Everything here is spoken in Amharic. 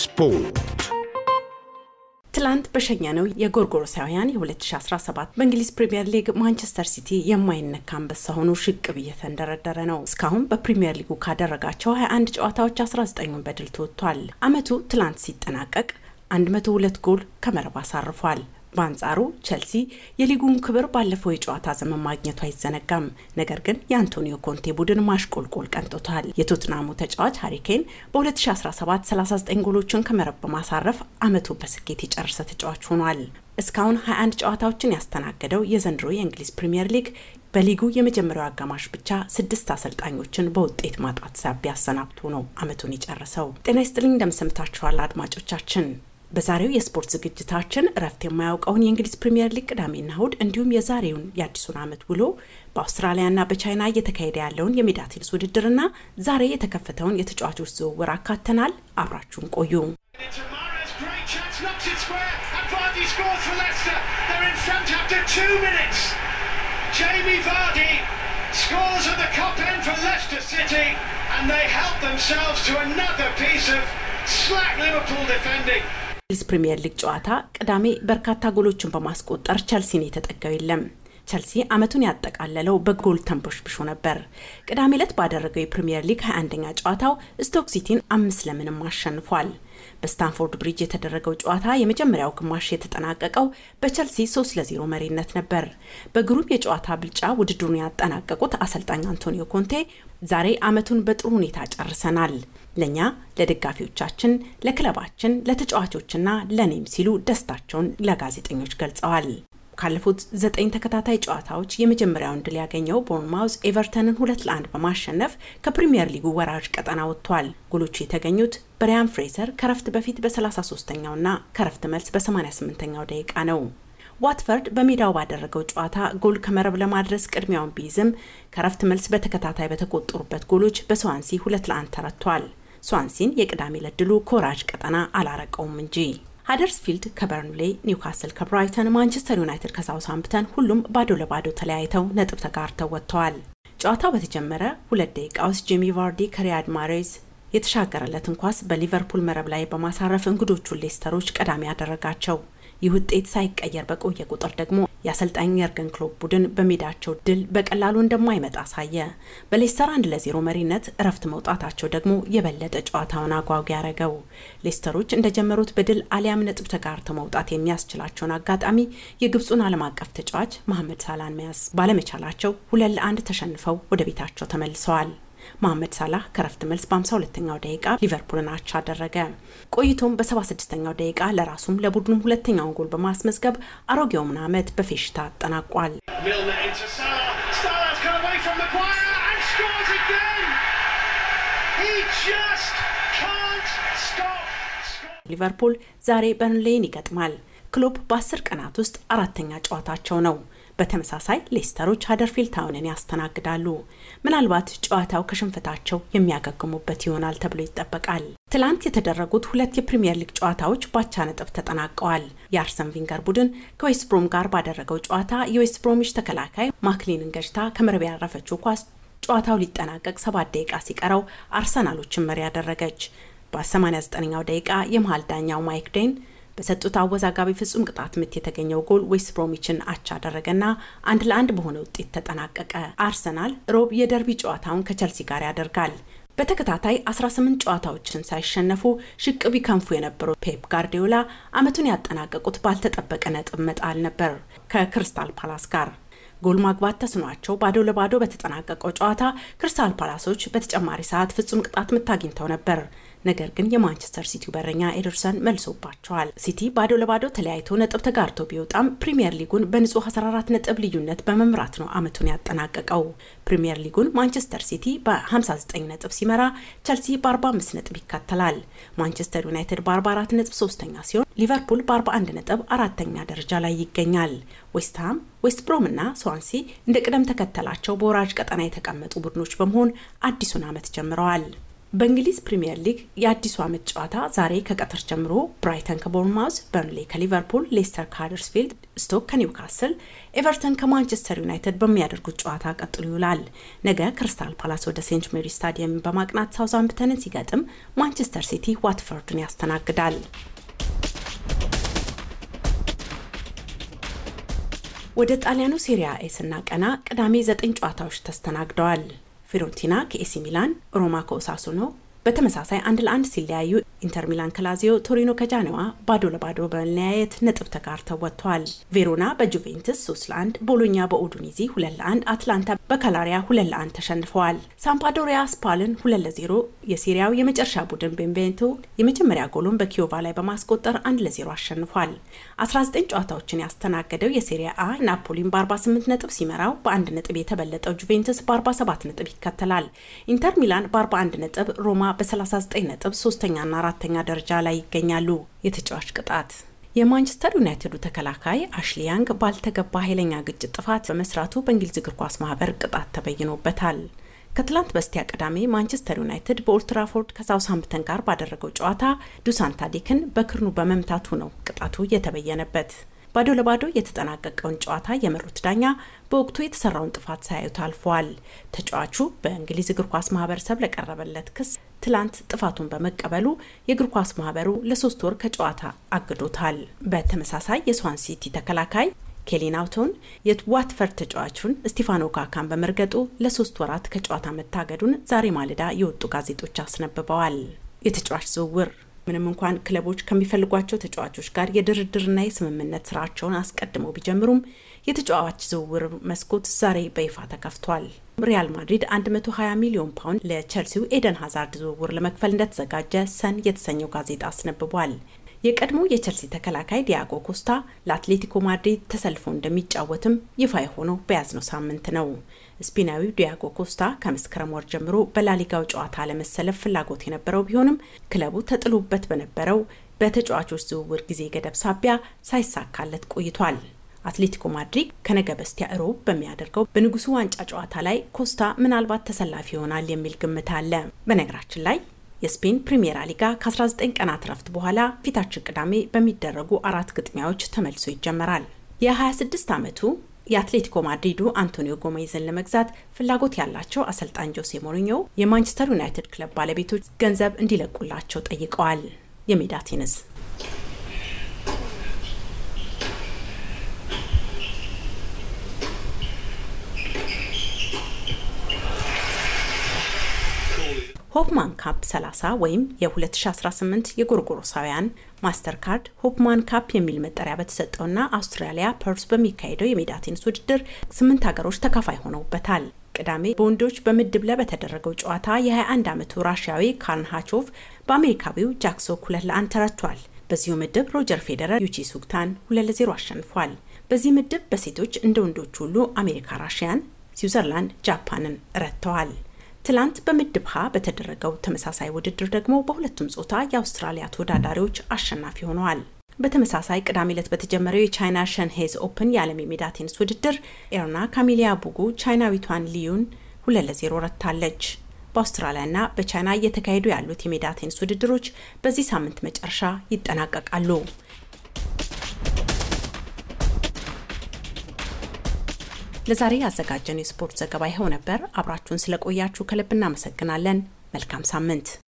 ስፖርት ትላንት በሸኛ ነው የጎርጎሮሳውያን የ2017 በእንግሊዝ ፕሪምየር ሊግ ማንቸስተር ሲቲ የማይነካ አንበሳ ሆኖ ሽቅብ እየተንደረደረ ነው። እስካሁን በፕሪምየር ሊጉ ካደረጋቸው 21 ጨዋታዎች 19ን በድል ተወጥቷል። አመቱ ትላንት ሲጠናቀቅ 102 ጎል ከመረብ አሳርፏል። በአንጻሩ ቸልሲ የሊጉን ክብር ባለፈው የጨዋታ ዘመን ማግኘቱ አይዘነጋም። ነገር ግን የአንቶኒዮ ኮንቴ ቡድን ማሽቆልቆል ቀንጦታል። የቶትናሙ ተጫዋች ሀሪኬን በ2017 39 ጎሎችን ከመረብ በማሳረፍ አመቱ በስኬት የጨረሰ ተጫዋች ሆኗል። እስካሁን 21 ጨዋታዎችን ያስተናገደው የዘንድሮ የእንግሊዝ ፕሪምየር ሊግ በሊጉ የመጀመሪያው አጋማሽ ብቻ ስድስት አሰልጣኞችን በውጤት ማጣት ሳቢያ አሰናብቶ ነው አመቱን የጨረሰው። ጤና ይስጥልኝ እንደምሰምታችኋል አድማጮቻችን በዛሬው የስፖርት ዝግጅታችን እረፍት የማያውቀውን የእንግሊዝ ፕሪምየር ሊግ ቅዳሜና እሁድ እንዲሁም የዛሬውን የአዲሱን ዓመት ውሎ በአውስትራሊያና በቻይና እየተካሄደ ያለውን የሜዳ ቴኒስ ውድድርና ዛሬ የተከፈተውን የተጫዋቾች ዝውውር አካተናል። አብራችሁን ቆዩ። Slack Liverpool defending. የእንግሊዝ ፕሪምየር ሊግ ጨዋታ ቅዳሜ በርካታ ጎሎችን በማስቆጠር ቸልሲን የተጠጋው የለም። ቸልሲ ዓመቱን ያጠቃለለው በጎል ተንቦሽብሾ ነበር። ቅዳሜ ዕለት ባደረገው የፕሪምየር ሊግ 21ኛ ጨዋታው ስቶክ ሲቲን አምስት ለምንም አሸንፏል። በስታንፎርድ ብሪጅ የተደረገው ጨዋታ የመጀመሪያው ግማሽ የተጠናቀቀው በቸልሲ 3 ለዜሮ መሪነት ነበር። በግሩም የጨዋታ ብልጫ ውድድሩን ያጠናቀቁት አሰልጣኝ አንቶኒዮ ኮንቴ ዛሬ ዓመቱን በጥሩ ሁኔታ ጨርሰናል ለእኛ ለደጋፊዎቻችን፣ ለክለባችን፣ ለተጫዋቾችና ለእኔም ሲሉ ደስታቸውን ለጋዜጠኞች ገልጸዋል። ካለፉት ዘጠኝ ተከታታይ ጨዋታዎች የመጀመሪያውን ድል ያገኘው ቦርንማውዝ ኤቨርተንን ሁለት ለአንድ በማሸነፍ ከፕሪምየር ሊጉ ወራጅ ቀጠና ወጥቷል። ጎሎቹ የተገኙት ብሪያን ፍሬዘር ከረፍት በፊት በ33ኛውና ከረፍት መልስ በ88ኛው ደቂቃ ነው። ዋትፈርድ በሜዳው ባደረገው ጨዋታ ጎል ከመረብ ለማድረስ ቅድሚያውን ቢይዝም ከረፍት መልስ በተከታታይ በተቆጠሩበት ጎሎች በሰዋንሲ ሁለት ለአንድ ተረቷል። ስዋንሲን የቅዳሜ ለድሉ ኮራጅ ቀጠና አላረቀውም እንጂ ሃደርስፊልድ ከበርንሌ፣ ኒውካስል ከብራይተን፣ ማንቸስተር ዩናይትድ ከሳውስሃምፕተን ሁሉም ባዶ ለባዶ ተለያይተው ነጥብ ተጋርተው ወጥተዋል። ጨዋታው በተጀመረ ሁለት ደቂቃ ውስጥ ጄሚ ቫርዲ ከሪያድ ማሬዝ የተሻገረለትን ኳስ በሊቨርፑል መረብ ላይ በማሳረፍ እንግዶቹን ሌስተሮች ቀዳሚ ያደረጋቸው ይህ ውጤት ሳይቀየር በቆየ ቁጥር ደግሞ የአሰልጣኝ የርገን ክሎፕ ቡድን በሜዳቸው ድል በቀላሉ እንደማይመጣ አሳየ። በሌስተር አንድ ለዜሮ መሪነት እረፍት መውጣታቸው ደግሞ የበለጠ ጨዋታውን አጓጊ ያደረገው ሌስተሮች እንደጀመሩት በድል አሊያም ነጥብ ተጋርተው መውጣት የሚያስችላቸውን አጋጣሚ የግብፁን ዓለም አቀፍ ተጫዋች መሐመድ ሳላን መያዝ ባለመቻላቸው ሁለት ለአንድ ተሸንፈው ወደ ቤታቸው ተመልሰዋል። መሐመድ ሳላህ ከረፍት መልስ በ52ኛው ደቂቃ ሊቨርፑልን አቻ አደረገ። ቆይቶም በ76ኛው ደቂቃ ለራሱም ለቡድኑም ሁለተኛውን ጎል በማስመዝገብ አሮጌውን ዓመት በፌሽታ አጠናቋል። ሊቨርፑል ዛሬ በርንሌይን ይገጥማል። ክሎፕ በአስር ቀናት ውስጥ አራተኛ ጨዋታቸው ነው። በተመሳሳይ ሌስተሮች ሀደርፊልድ ታውንን ያስተናግዳሉ። ምናልባት ጨዋታው ከሽንፈታቸው የሚያገግሙበት ይሆናል ተብሎ ይጠበቃል። ትላንት የተደረጉት ሁለት የፕሪምየር ሊግ ጨዋታዎች ባቻ ነጥብ ተጠናቀዋል። የአርሰን ቪንገር ቡድን ከዌስት ጋር ባደረገው ጨዋታ የዌስት ተከላካይ ማክሊንን ገጭታ ከመረብ ያረፈችው ኳስ ጨዋታው ሊጠናቀቅ ሰባት ደቂቃ ሲቀረው አርሰናሎችን መሪ ያደረገች። በ89ኛው ደቂቃ የመሀል ዳኛው ማይክ ዴን በሰጡት አወዛጋቢ ፍጹም ቅጣት ምት የተገኘው ጎል ዌስት ብሮሚችን አቻ አደረገና አንድ ለአንድ በሆነ ውጤት ተጠናቀቀ። አርሰናል ሮብ የደርቢ ጨዋታውን ከቸልሲ ጋር ያደርጋል። በተከታታይ 18 ጨዋታዎችን ሳይሸነፉ ሽቅ ቢከንፉ የነበሩት ፔፕ ጋርዲዮላ ዓመቱን ያጠናቀቁት ባልተጠበቀ ነጥብ መጣል ነበር ከክሪስታል ፓላስ ጋር ጎል ማግባት ተስኗቸው ባዶ ለባዶ በተጠናቀቀው ጨዋታ ክሪስታል ፓላሶች በተጨማሪ ሰዓት ፍጹም ቅጣት ምት አግኝተው ነበር። ነገር ግን የማንቸስተር ሲቲው በረኛ ኤደርሰን መልሶባቸዋል። ሲቲ ባዶ ለባዶ ተለያይቶ ነጥብ ተጋርቶ ቢወጣም ፕሪምየር ሊጉን በንጹህ 14 ነጥብ ልዩነት በመምራት ነው ዓመቱን ያጠናቀቀው። ፕሪምየር ሊጉን ማንቸስተር ሲቲ በ59 ነጥብ ሲመራ ቸልሲ በ45 ነጥብ ይካተላል። ማንቸስተር ዩናይትድ በ44 ነጥብ ሶስተኛ ሲሆን ሊቨርፑል በ41 ነጥብ አራተኛ ደረጃ ላይ ይገኛል። ዌስትሃም፣ ዌስት ብሮም እና ስዋንሲ እንደ ቅደም ተከተላቸው በወራጅ ቀጠና የተቀመጡ ቡድኖች በመሆን አዲሱን ዓመት ጀምረዋል። በእንግሊዝ ፕሪምየር ሊግ የአዲሱ ዓመት ጨዋታ ዛሬ ከቀትር ጀምሮ ብራይተን ከቦርማውዝ፣ በርንሌ ከሊቨርፑል፣ ሌስተር ከሃደርስፊልድ፣ ስቶክ ከኒውካስል፣ ኤቨርተን ከማንቸስተር ዩናይትድ በሚያደርጉት ጨዋታ ቀጥሎ ይውላል። ነገ ክሪስታል ፓላስ ወደ ሴንት ሜሪ ስታዲየም በማቅናት ሳውዛምፕተንን ሲገጥም፣ ማንቸስተር ሲቲ ዋትፈርድን ያስተናግዳል። ወደ ጣሊያኑ ሴሪያ ኤ ስናቀና ቅዳሜ ዘጠኝ ጨዋታዎች ተስተናግደዋል። Fiorentinaa, keessi Milaan, Roomaa ka'uu Saasunoo በተመሳሳይ አንድ ለአንድ ሲለያዩ ኢንተር ሚላን ከላዚዮ፣ ቶሪኖ ከጃንዋ ባዶ ለባዶ በመለያየት ነጥብ ተጋርተው ወጥተዋል። ቬሮና በጁቬንትስ 3 ለ1፣ ቦሎኛ በኦዱኒዚ 2 ለ1፣ አትላንታ በካላሪያ 2 ለአንድ ተሸንፈዋል። ሳምፓዶሪያ ስፓልን 2 ለ0፣ የሲሪያው የመጨረሻ ቡድን ቤንቬንቶ የመጀመሪያ ጎሉን በኪዮቫ ላይ በማስቆጠር 1 ለ0 አሸንፏል። 19 ጨዋታዎችን ያስተናገደው የሴሪያ አ ናፖሊን በ48 ነጥብ ሲመራው በአንድ ነጥብ የተበለጠው ጁቬንትስ በ47 ነጥብ ይከተላል። ኢንተር ሚላን በ41 ነጥብ፣ ሮማ በ39 ነጥብ ሶስተኛና አራተኛ ደረጃ ላይ ይገኛሉ። የተጫዋች ቅጣት የማንቸስተር ዩናይትዱ ተከላካይ አሽሊ ያንግ ባልተገባ ኃይለኛ ግጭት ጥፋት በመስራቱ በእንግሊዝ እግር ኳስ ማህበር ቅጣት ተበይኖበታል። ከትላንት በስቲያ ቅዳሜ ማንቸስተር ዩናይትድ በኦልትራፎርድ ከሳውሳምፕተን ጋር ባደረገው ጨዋታ ዱሳን ታዲክን በክርኑ በመምታቱ ነው ቅጣቱ የተበየነበት። ባዶ ለባዶ የተጠናቀቀውን ጨዋታ የመሩት ዳኛ በወቅቱ የተሰራውን ጥፋት ሳያዩት አልፈዋል። ተጫዋቹ በእንግሊዝ እግር ኳስ ማህበረሰብ ለቀረበለት ክስ ትላንት ጥፋቱን በመቀበሉ የእግር ኳስ ማህበሩ ለሶስት ወር ከጨዋታ አግዶታል። በተመሳሳይ የስዋን ሲቲ ተከላካይ ኬሊናውቶን የዋትፈርድ ተጫዋቹን ስቲፋኖ ካካን በመርገጡ ለሶስት ወራት ከጨዋታ መታገዱን ዛሬ ማለዳ የወጡ ጋዜጦች አስነብበዋል። የተጫዋች ዝውውር ምንም እንኳን ክለቦች ከሚፈልጓቸው ተጫዋቾች ጋር የድርድርና የስምምነት ስራቸውን አስቀድመው ቢጀምሩም የተጫዋች ዝውውር መስኮት ዛሬ በይፋ ተከፍቷል። ሪያል ማድሪድ 120 ሚሊዮን ፓውንድ ለቸልሲው ኤደን ሀዛርድ ዝውውር ለመክፈል እንደተዘጋጀ ሰን የተሰኘው ጋዜጣ አስነብቧል። የቀድሞ የቸልሲ ተከላካይ ዲያጎ ኮስታ ለአትሌቲኮ ማድሪድ ተሰልፎ እንደሚጫወትም ይፋ የሆነው በያዝነው ሳምንት ነው። ስፔናዊው ዲያጎ ኮስታ ከመስከረም ወር ጀምሮ በላሊጋው ጨዋታ ለመሰለፍ ፍላጎት የነበረው ቢሆንም ክለቡ ተጥሎበት በነበረው በተጫዋቾች ዝውውር ጊዜ ገደብ ሳቢያ ሳይሳካለት ቆይቷል። አትሌቲኮ ማድሪድ ከነገ በስቲያ እሮብ በሚያደርገው በንጉሱ ዋንጫ ጨዋታ ላይ ኮስታ ምናልባት ተሰላፊ ይሆናል የሚል ግምት አለ። በነገራችን ላይ የስፔን ፕሪሚየራ ሊጋ ከ19 ቀናት ረፍት በኋላ ፊታችን ቅዳሜ በሚደረጉ አራት ግጥሚያዎች ተመልሶ ይጀመራል። የ26 ዓመቱ የአትሌቲኮ ማድሪዱ አንቶኒዮ ጎሜዝን ለመግዛት ፍላጎት ያላቸው አሰልጣኝ ጆሴ ሞሪኞ የማንቸስተር ዩናይትድ ክለብ ባለቤቶች ገንዘብ እንዲለቁላቸው ጠይቀዋል። የሜዳ ቴኒስ ሆፕማን ካፕ 30 ወይም የ2018 የጎርጎሮሳውያን ማስተር ካርድ ሆፕማን ካፕ የሚል መጠሪያ በተሰጠውና አውስትራሊያ ፐርስ በሚካሄደው የሜዳ ቴኒስ ውድድር ስምንት ሀገሮች ተካፋይ ሆነውበታል። ቅዳሜ በወንዶች በምድብ ላይ በተደረገው ጨዋታ የ21 ዓመቱ ራሽያዊ ካርንሃቾቭ በአሜሪካዊው ጃክሶ ሁለት ለአንድ ተረቷል። በዚሁ ምድብ ሮጀር ፌዴረር ዩቺ ሱግታን ሁለት ለዜሮ አሸንፏል። በዚህ ምድብ በሴቶች እንደ ወንዶች ሁሉ አሜሪካ ራሽያን፣ ስዊዘርላንድ ጃፓንን ረድተዋል። ትላንት በምድብ ሀ በተደረገው ተመሳሳይ ውድድር ደግሞ በሁለቱም ጾታ የአውስትራሊያ ተወዳዳሪዎች አሸናፊ ሆነዋል። በተመሳሳይ ቅዳሜ ዕለት በተጀመረው የቻይና ሸንሄዝ ኦፕን የዓለም የሜዳ ቴኒስ ውድድር ኤርና ካሚሊያ ቡጉ ቻይናዊቷን ሊዩን ሁለት ለዜሮ ረታለች። በአውስትራሊያና በቻይና እየተካሄዱ ያሉት የሜዳ ቴኒስ ውድድሮች በዚህ ሳምንት መጨረሻ ይጠናቀቃሉ። ለዛሬ ያዘጋጀን የስፖርት ዘገባ ይኸው ነበር። አብራችሁን ስለቆያችሁ ከልብ እናመሰግናለን። መልካም ሳምንት።